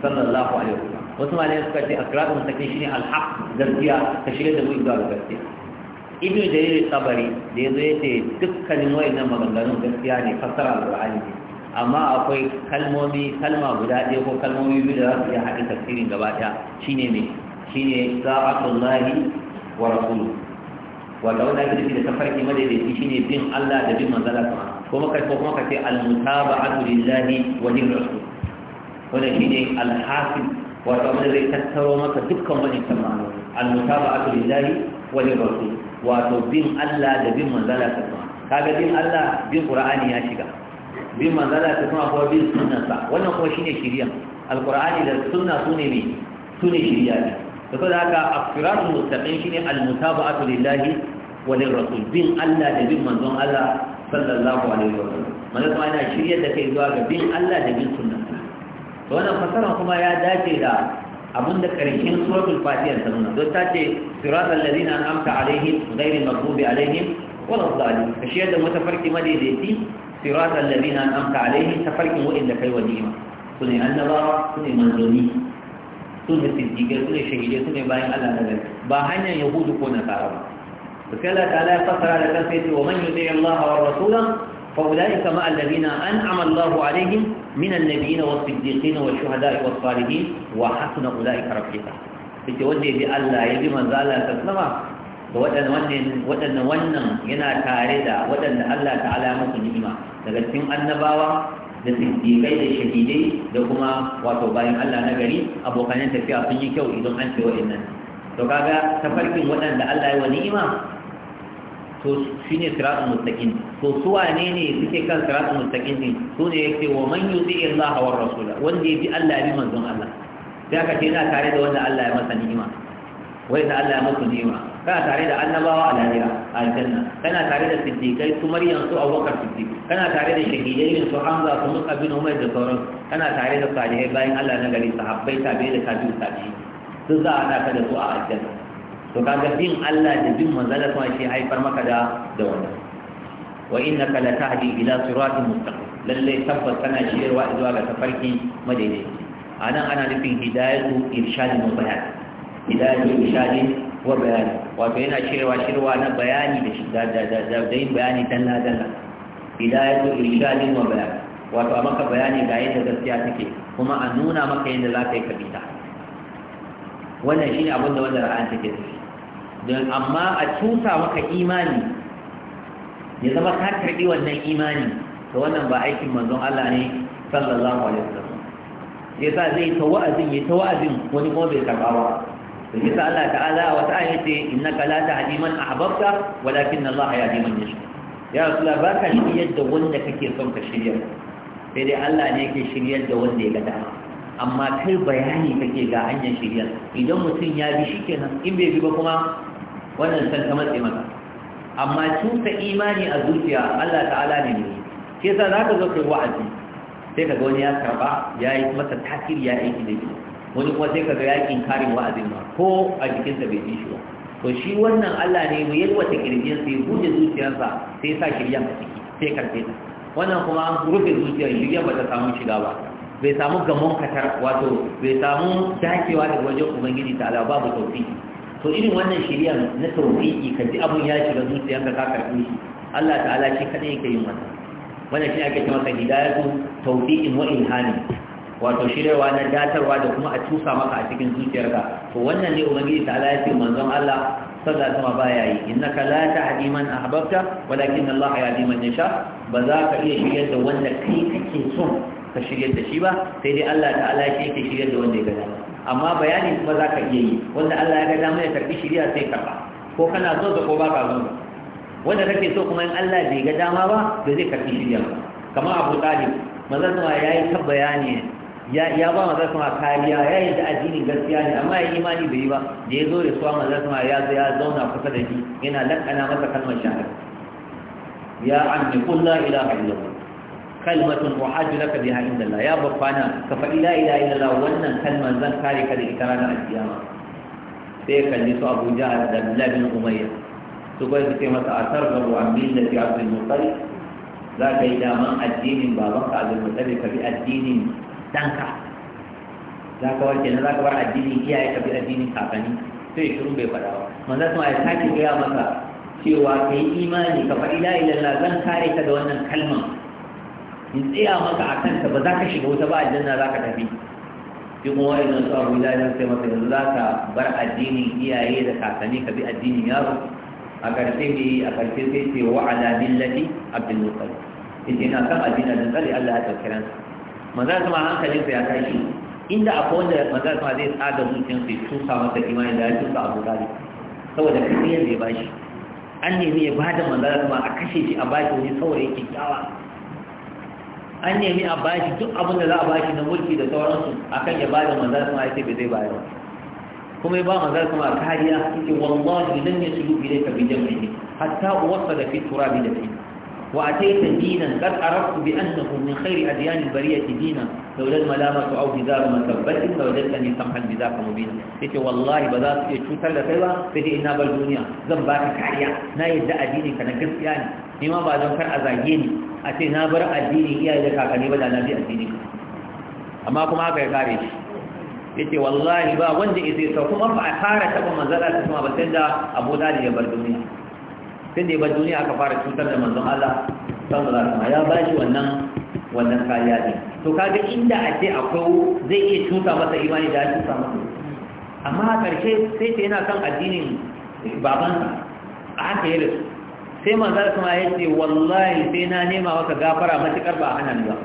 sallallahu alaihi wasallam wasu malayan suka ce akrarun sakin shine alhaq gaskiya ka shi da zuwa ga gaskiya ibnu jarir tabari da yazo yace dukkanin wayannan maganganun gaskiya ne fassara alkur'ani ne amma akwai kalmomi kalma guda ɗaya ko kalmomi biyu da za su iya haɗin tafsirin gaba ɗaya shi ne shine sa'atullahi wa rasulu wanda wanda ake nufi da tafarki madaidaici shine bin Allah da bin manzala sama kuma ka ko kuma ka ce al-mutaba'atu lillahi wa lir rasul wanda shine al-hafiz wanda wanda zai tattaro maka dukkan wani kalma al-mutaba'atu lillahi wa lir rasul wato bin Allah da bin manzala sama kaga bin Allah bin Qur'ani ya shiga bin manzala ta kuma kuma bin sunansa, wannan kuma shine shiriya alqur'ani da sunna sune ne sune shiriya ne to saboda haka as-siratul mustaqim shine al-mutaba'atu lillahi wa lirrasul bin Allah da bin manzon Allah sallallahu alaihi wa sallam manzon kuma yana shirya da kai zuwa ga bin Allah da bin sunnansa to wannan fasara kuma ya dace da abinda karshen suratul fatiha ta nuna don ta ce siratal ladina an'amta alaihim ghairil maghdubi alaihim wala dhalin kashi yadda mutafarki madaidaiti sirata alladhina an'amta alaihim tafarkin wa'inda kai wa ni'ima sune annabawa sune manzoni sune siddiqai sune shahidai sune bayan Allah na gari ba hanyar yahudu ko nasara ba sai Allah ta'ala ya fassara da kansa wa man yuti Allah wa rasulahu فأولئك مع الذين أنعم الله عليهم من النبيين والصديقين والشهداء والصالحين وحسن أولئك رفيقا يتوجه بألا يجب من ذا لا تسلم waɗanda wannan yana tare da waɗanda Allah ta'ala ya musu ni'ima daga cikin annabawa da siddiƙai da shahidai da kuma wato bayan Allah na gari abokanan tafiya sun yi kyau idan an ce waɗannan to kaga tafarkin waɗanda Allah ya wa ni'ima to shine siratul mustaqim to su wane ne suke kan siratul mustaqim din su ne ce, wa man yuti Allah wa rasula wanda ya bi Allah ya bi manzon Allah sai aka ce yana tare da wanda Allah ya masa ni'ima wai da Allah ya musu nima kana tare da annabawa a lahira a aljanna kana tare da siddiqai su maryam su abubakar siddiq kana tare da shahidai su hamza su musa bin umar da sauran kana tare da salihai bayan Allah na gari sahabbai tabi da tabi'u tabi su za a haɗa da su a aljanna to kaga bin Allah da bin manzala kuma shi haifar maka da da wannan wa innaka latahdi ila siratin mustaqim lalle tabbas kana shirwa zuwa ga tafarki madaidaici anan ana nufin hidayatu irshadin mubayyan hidayatul irshadi wa bayani wato yana cewa shirwa na bayani da da da da yin bayani dalla dalla hidayatul irshadi wa bayani wato a maka bayani ga yadda gaskiya take kuma a nuna maka yadda za ka yi kabita wannan shine abin da wannan ra'ayin take da don amma a cusa maka imani ya zama ka karbi wannan imani to wannan ba aikin manzon Allah ne sallallahu alaihi wasallam yasa zai ta wa'azin ya ta wa'azin wani kuma bai karba ba yi sa Allah ta'ala a wata ayi ce innaka la tahdi man ahbabta walakin Allah yahdi man yasha ya rasulullah baka ka shiryar da wanda kake son ka shiryar sai dai Allah ne yake shiryar da wanda ya ga dama amma kai bayani kake ga hanyar shiryar idan mutum ya bi shikenan in bai bi ba kuma wannan san ta matse maka amma tuka imani a zuciya Allah ta'ala ne ne ke sa za ka zo kai wa'azi sai ka ga wani ya karba ya yi masa tasiri ya aiki da shi wani kuma sai kaga yakin karin wa'azin ma ko a jikin jikinsa bai ji ba to shi wannan Allah ne mai yalwata kirjiya sai buɗe zuciyarsa sai sa shirya a ciki sai karfe ta wannan kuma an rufe zuciyar shirya ba ta samu shiga ba bai samu gamon katar wato bai samu dacewa daga wajen ubangiji ta ala babu tauhidi to irin wannan shirya na tauhidi ka ji abun ya shiga zuciyar ka ka karɓi shi Allah ta'ala shi kadai yake yin wannan wannan shi ake cewa hidayatu tawfiqin wa ilhamin wato shirarwa na datarwa da kuma a cusa maka a cikin zuciyarka to wannan ne ubangiji ta Allah ya ce manzon Allah sallallahu alaihi baya yi innaka la tahdi man ahbabta walakin Allah yahdi man yasha ba za ka iya shiryar da wanda kai kake so ka shiryar da shi ba sai dai Allah ta'ala shi yake shiryar da wanda ya gada amma bayani kuma za ka iya yi wanda Allah ya ga dama ya karbi shiriya sai karba ko kana so da ko ba ka so wanda kake so kuma in Allah bai ga dama ba ba zai karbi shiriya ba kamar Abu Talib manzon Allah yi ta bayani ya ba maza sama kariya ya yi da addinin gaskiya ne amma ya yi imani bai yi ba da ya zo ya suwa maza sama ya zo ya zauna kusa da shi yana lakana masa kalmar shahada ya ammi qul la ilaha illallah kalmatun uhajjulaka biha inda Allah ya babbana ka faɗi la ilaha illallah wannan kalmar zan kare ka da ita ranar alkiyama sai kalli su Abu Jahl da Abdullah bin Umayyah su kai su ce masa atarbu an millati Abdul Muttalib za ka yi daman addinin babanka Abdul Muttalib ka bi addinin ɗanka za ka warke na za ka bar addini iyaye ka bi addinin kakanni sai shirin bai faɗa ba manzo sun ai sake gaya maka cewa ka yi imani ka faɗi la ilallah zan kare ka da wannan kalman in tsaya maka a kanta ba za ka shiga wuta ba aljanna za ka tafi shi kuma wani nan tsawon wula ne sai maka yanzu za ka bar addinin iyaye da kakanni ka bi addinin yaro a ƙarshe ne a ƙarshe sai ce wa ala abdul mutalib ina kan addinin abdul mutalib Allah ya tsare ransa manzan sama hankalinsa ya tashi inda akwai wanda manzan sama zai tsada zuciyar ya tusa masa imanin da ya tusa abu gari saboda kasiyar da ya bashi an nemi ya bada manzan sama a kashe shi a bashi wani saurayi kyakkyawa an nemi a bashi duk abin da za a bashi na mulki da sauransu akan ya bada manzan sama ya ce bai zai bayar ba kuma ya ba manzan sama kariya yake wallahi idan ya ka bi jan mai hatta uwarsa da fi bi da fi وأتيت دينا قد عرفت بأنه من خير أديان البرية دينا لولا الملامة أو جدار مثبت لوجدتني سمحا بذاك مبينا يتي والله بذات يتشوتر لكيوا فتي إنا بالدنيا زنباك كعيا نا يدعى ديني كان قسياني نما بعد أن كان أزاجيني أتي نابر الديني إيا إذا كاكني بدا نبي الديني أما كما كيكاريش yace wallahi ba wanda yake sauko kuma ba a fara taba manzala ta kuma ba sai da Abu Dalib ya bar duniya sai da ya duniya aka fara cutar da manzon Allah sallallahu alaihi wasallam ya bashi wannan wannan kariya ne to kaga inda a ce akwai zai iya cuta masa imani da ya samu masa amma a ƙarshe sai ta yana kan addinin baban a haka ya sai manzon kuma ya ce wallahi sai na nema maka gafara matuƙar ba a hannun ni ba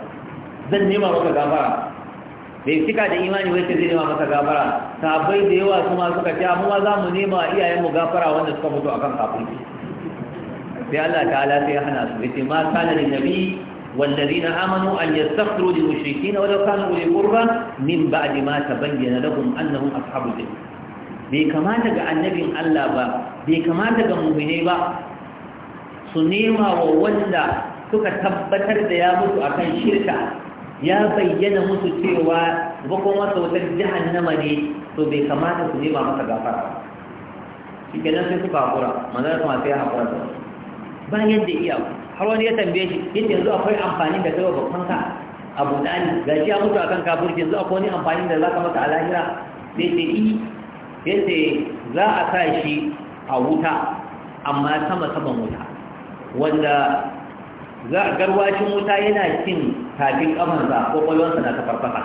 zan nema maka gafara bai cika da imani wai sai zai nema maka gafara Sabai da yawa kuma suka ce amma za mu nema iyayenmu gafara wanda suka mutu akan kafirci sai Allah ta'ala sai ya hana su yace ma kana lin nabi والذين آمنوا أن يستغفروا للمشركين ولو كانوا أولي قربى من بعد ما تبين لهم أنهم أصحاب الجنة bai kamata ga annabin Allah ba bai kamata ga mu'mine ba su nema wa wanda suka tabbatar da ya mutu akan shirka ya bayyana musu cewa bakon wata wutar jahannama ne to bai kamata su nema masa gafara shi kenan sai suka hakura manzara kuma sai hakura da wasu ba yadda iya har wani ya tambaye shi inda yanzu akwai amfani da kai babban ka abu da ga shi ya mutu akan kafirci yanzu akwai wani amfani da za ka masa a lahira sai sai yi sai za a sa shi a wuta amma sama saman wuta wanda za a garwashin wuta yana cin tafin kamarsa ko kwalwansa na ta farfasa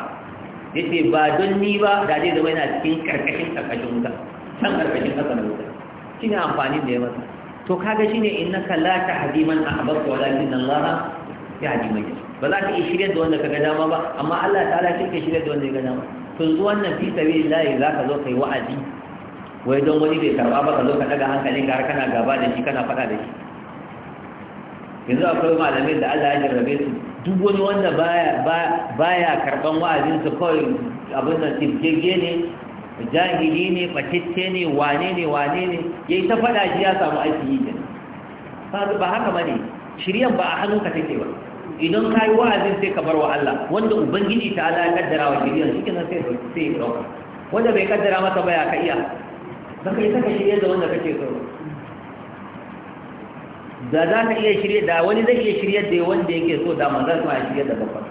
ya ce ba don ni ba da zai zama yana cikin karkashin karkashin wuta can karkashin kasar na wuta shi ne amfani da ya masa to kaga shine innaka la tahdi man ahbabta walakin Allah yahdi man yasha ba za ka iya shirya da wanda ka ga dama ba amma Allah ta'ala shi ke shirya da wanda ya ga dama to zuwa wannan fi sabilillahi za ka zo kai wa'azi wai don wani bai karba ba ka zo ka daga hankalin ka kana gaba da shi kana faɗa da shi yanzu akwai malamai da Allah ya jarrabe su duk wani wanda baya baya karban wa'azin su kawai abin da tifkege ne jahili ne batacce ne wane ne wane ne yi ta fada shi ya samu aiki yi ba haka ne. shiryan ba a hannunka take ba idan ka yi wa'azin sai ka bar wa Allah wanda ubangiji ta ala ya kaddara wa shiryan shi kenan sai sai ya ɗauka. wanda bai kaddara masa ba ya ka iya ba ka yi saka shirye da wanda kake so da za ka iya shirye da wani zai iya shirye da wanda yake so da manzon ma ya shirye da babba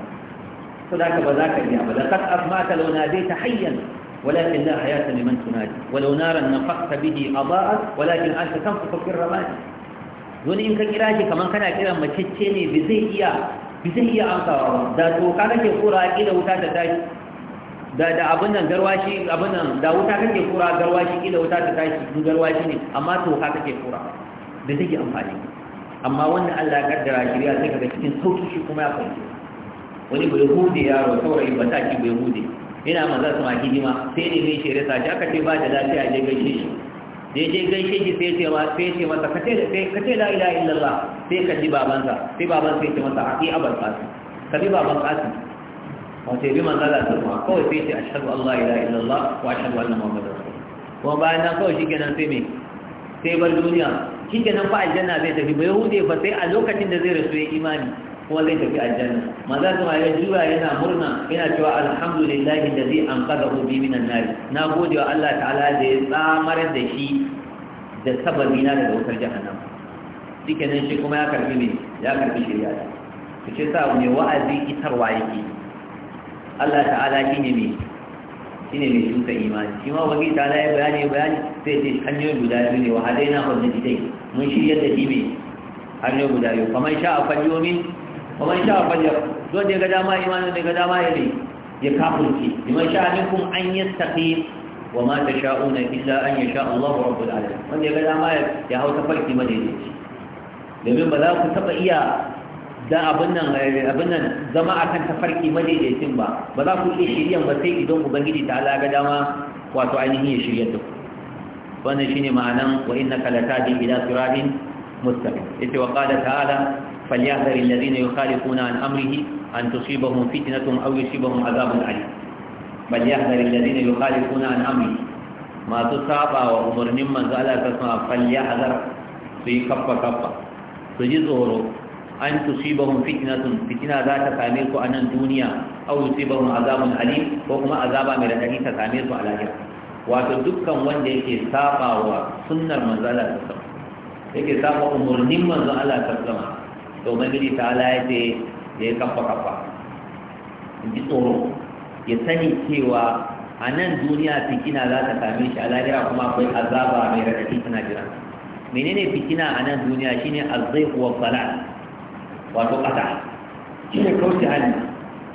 so da ka ba za ka iya ba laqad launa zai ta hayyan ولكن لا حياة لمن تنادي ولو نارا نفخت به أضاءت ولكن أنت تنفخ في الرماد دون إن كراجي كمان كان كرا متشيني بزهية بزهية أنصار دا توقع لك قرى إلى وتاتا تاشي da da abin nan garwashi abin nan da wuta kake kura garwashi wuta ta tashi duk garwashi ne amma to ka kake kura da take amfani amma wannan Allah ya kaddara shiriya sai kaga cikin sauki kuma ya wani yaro ba bai ina manzan su ma hidima sai ne mai shirya sa, shi aka ce ba da lafiya je gaishe shi je je gaishe shi sai ce ma sai ce masa ka ce la ilaha illallah sai ka ji babansa sai baban sai ce masa haƙi abar kasu ka bi baban kasu wato bi manzan da sallama kawai sai ce ashhadu allah ilaha illallah wa ashhadu anna muhammadar rasul kuma bayan nan kawai kenan sai me sai bar duniya shikenan fa aljanna zai tafi ba hude ba sai a lokacin da zai rasu ya imani kuma zai tafi aljanna maza kuma ya juya yana murna yana cewa alhamdulillahi da zai an kaga hobi minan nari na gode wa Allah ta'ala da ya tsamar da shi da sababi na daga wutar jahannam shike nan shi kuma ya karbi ne ya karbi shirya ta to ce sa mai wa'azi itarwa yake Allah ta'ala shi ne ne mai shuka imani shi ma wani ta'ala ya bayani bayani sai ce hanyoyin guda biyu ne wa na wa jikai, mun shirya da shi mai hanyoyin guda biyu kamar sha a kuma in sha fajar don da ya ga dama imanin da ya ga dama ya ne ya kafurce liman sha minkum an yastaqim wa ma tasha'una illa an yasha Allah rabbul alamin wanda ya ga dama ya hau ta farki madaidaici domin ba za ku taba iya da abin nan abin nan zama akan tafarki madaidaicin ba ba za ku iya shiryan ba sai idan ubangiji ta ala ga dama wato ainihin ya shirya duk wannan shine ma'anan wa innaka latadi ila siratin mustaqim yace wa qala ta'ala فليحذر الذين يخالفون عن أمره أن تصيبهم فتنة أو يصيبهم عذاب عليم فليحذر الذين يخالفون عن أمره ما تصابى وأمر مما زال تسمع فليحذر في كفة كفة تجزهر أن تصيبهم فتنة فتنة ذات تعميرك أن الدنيا أو يصيبهم عذاب عليم وكما عذاب من الحديث تعميرك على جهة وتدكا وان يكي ساقا وسنة من زال تسمع yake saba umarnin manzon Allah sallama to ubangiji ta ala ya ce ya kafa kafa in ji tsoro ya sani cewa a nan duniya fikina za ta sami shi a lahira kuma akwai azaba mai raɗaɗi tana jira menene fikina a nan duniya shine azzaiku wa salat wato ƙasa shine kauce hali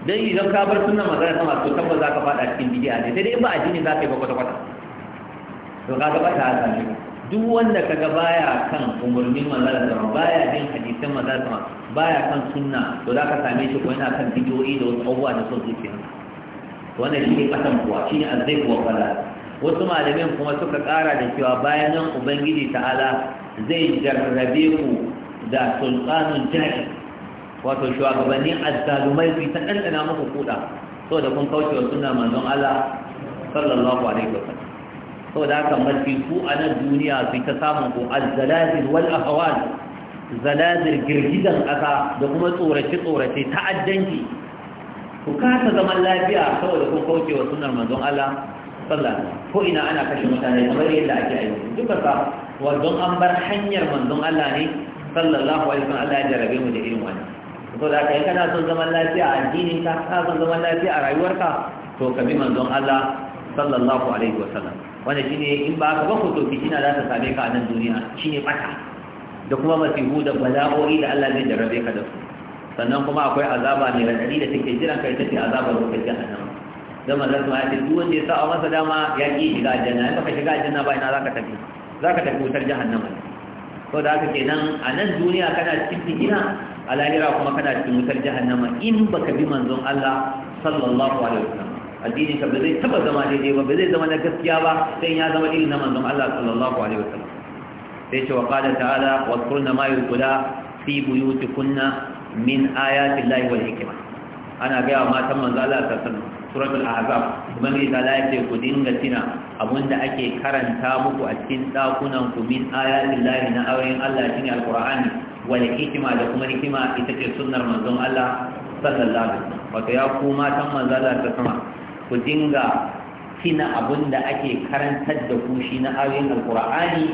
dan idan ka bar sunan magana sama to tabbas za ka faɗa cikin bid'a ne sai dai ba a addini za ka yi ba kwata kwata to ka ga ba ta same duk wanda kaga baya kan umarnin manzala sama baya bin hadisan manzala sama baya kan sunna to za ka same shi ko yana kan bidiyoyi da wasu abubuwa da sun zuciya wannan shi ne kasan kuwa shi ne azzai kuwa fala wasu malamin kuma suka kara da cewa bayan nan ubangiji ta'ala zai jarrabe ku da sultanun jahi wato shugabannin azzalumai su ta ɗanɗana muku kuɗa saboda kun kauce wa sunna manzon Allah sallallahu alaihi wasallam saboda haka ku a nan duniya su ta samun ko azzalazil wal ahwal Zalazir, girgizan ƙasa da kuma tsorace tsorace ta ta'addanci ku kasa zaman lafiya saboda kun kauce wa sunar manzon Allah sallallahu ko ina ana kashe mutane kamar yadda ake aiki duka sa wajen an bar hanyar manzon Allah ne sallallahu alaihi wasallam Allah ya jarabe mu da irin wannan saboda haka kai kana son zaman lafiya a addinin ka kana son zaman lafiya a rayuwarka to ka bi manzon Allah sallallahu alaihi wa sallam. wanda shine in ba ka baku ku shi na za ta same ka a nan duniya Shi ne bata da kuma masihu da bala'o'i da Allah zai jarrabe ka da su sannan kuma akwai azaba mai radadi da take jiran kai ita ce azabar wutar jahannama nan. manzon Allah ya ce duk wanda ya sa a masa dama ya ki shiga aljanna in baka shiga aljanna ba ina ka tafi za zaka tafi wutar jahannama Ko da haka kenan a nan duniya kana cikin fitina a lahira kuma kana cikin wutar jahannama in baka bi manzon Allah sallallahu alaihi wasallam addinin ka ba zai taba zama daidai ba ba zai zama na gaskiya ba sai ya zama irin na manzon Allah sallallahu alaihi wasallam sai ce wa qala ta'ala wa qulna ma yuqula fi buyutikunna min ayati llahi wal hikma ana ga matan manzon Allah sallallahu alaihi wasallam suratul ahzab kuma ne ta la ku dinga tina abinda ake karanta muku a cikin dakunan ku min ayati llahi na ayoyin Allah shine alqur'ani wal hikma da kuma hikima ita ce sunnar manzon Allah sallallahu alaihi wasallam wato ya ku matan manzon Allah sallallahu alaihi wasallam ku dinga tina abin da ake karantar da ku shi na ayoyin alkur'ani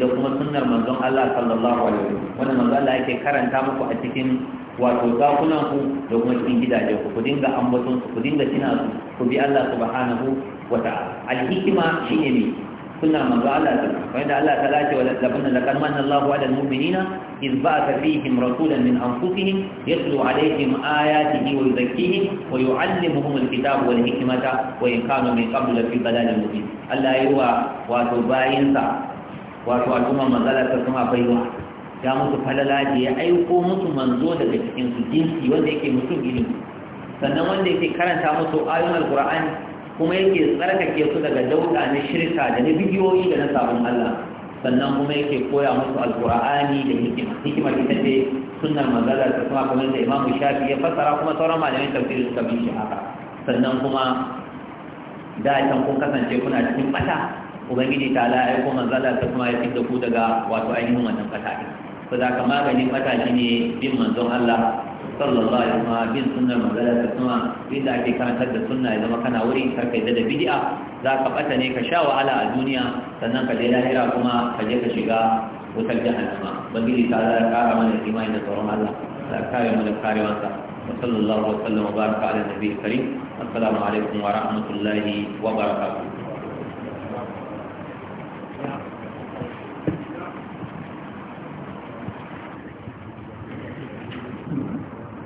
da kuma sunnar manzon Allah sallallahu alaihi wasallam wannan manzon Allah yake karanta muku a cikin wato zakunan ku da kuma cikin gidaje ku ku dinga ambaton ku dinga tina su ku bi Allah subhanahu wa ta'ala al-hikima shine ne suna manzo Allah ta wai da Allah ta lace wa labana laqad manna Allahu 'ala al-mu'minina iz ba'atha fihim rasulan min anfusihim yatlu 'alayhim ayatihi wa yuzakkihim wa yu'allimuhum al-kitaba wal hikmata wa in kanu min qabl fi dalalin mubin Allah yi wa wato bayinsa wato al'umma manzala ta kuma baiwa ya musu falala da ya aiko musu manzo daga cikin su jinsi wanda yake mutum ilimi sannan wanda yake karanta musu ayoyin alqur'ani kuma yake tsarkake su daga dauda na shirka da na bidiyoyi da na sabon Allah sannan kuma yake koya musu alkur'ani da hikima hikima ita ce sunnar magana ta kuma kamar da imamu shafi ya fassara kuma sauran malamin tafsiri suka bi shi haka sannan kuma da can kun kasance kuna cikin bata ubangiji ta ala aiko manzala ta kuma ya fitta ku daga wato ainihin wannan bata din ko ka maganin bata ne, bin manzon Allah sallallahu alaihi wasallam bin sunnar manzala ta kuma inda ake karantar da sunna ya zama kana wurin karka yadda da bid'a za ka bata ne ka sha wahala a duniya sannan ka je lahira kuma ka je ka shiga wutar jahannama bangiji ta za kara mana imani da tsoron Allah ta kare mu da karewansa wa sallallahu alaihi wa wa baraka ala nabiyil karim assalamu alaikum wa rahmatullahi wa barakatuh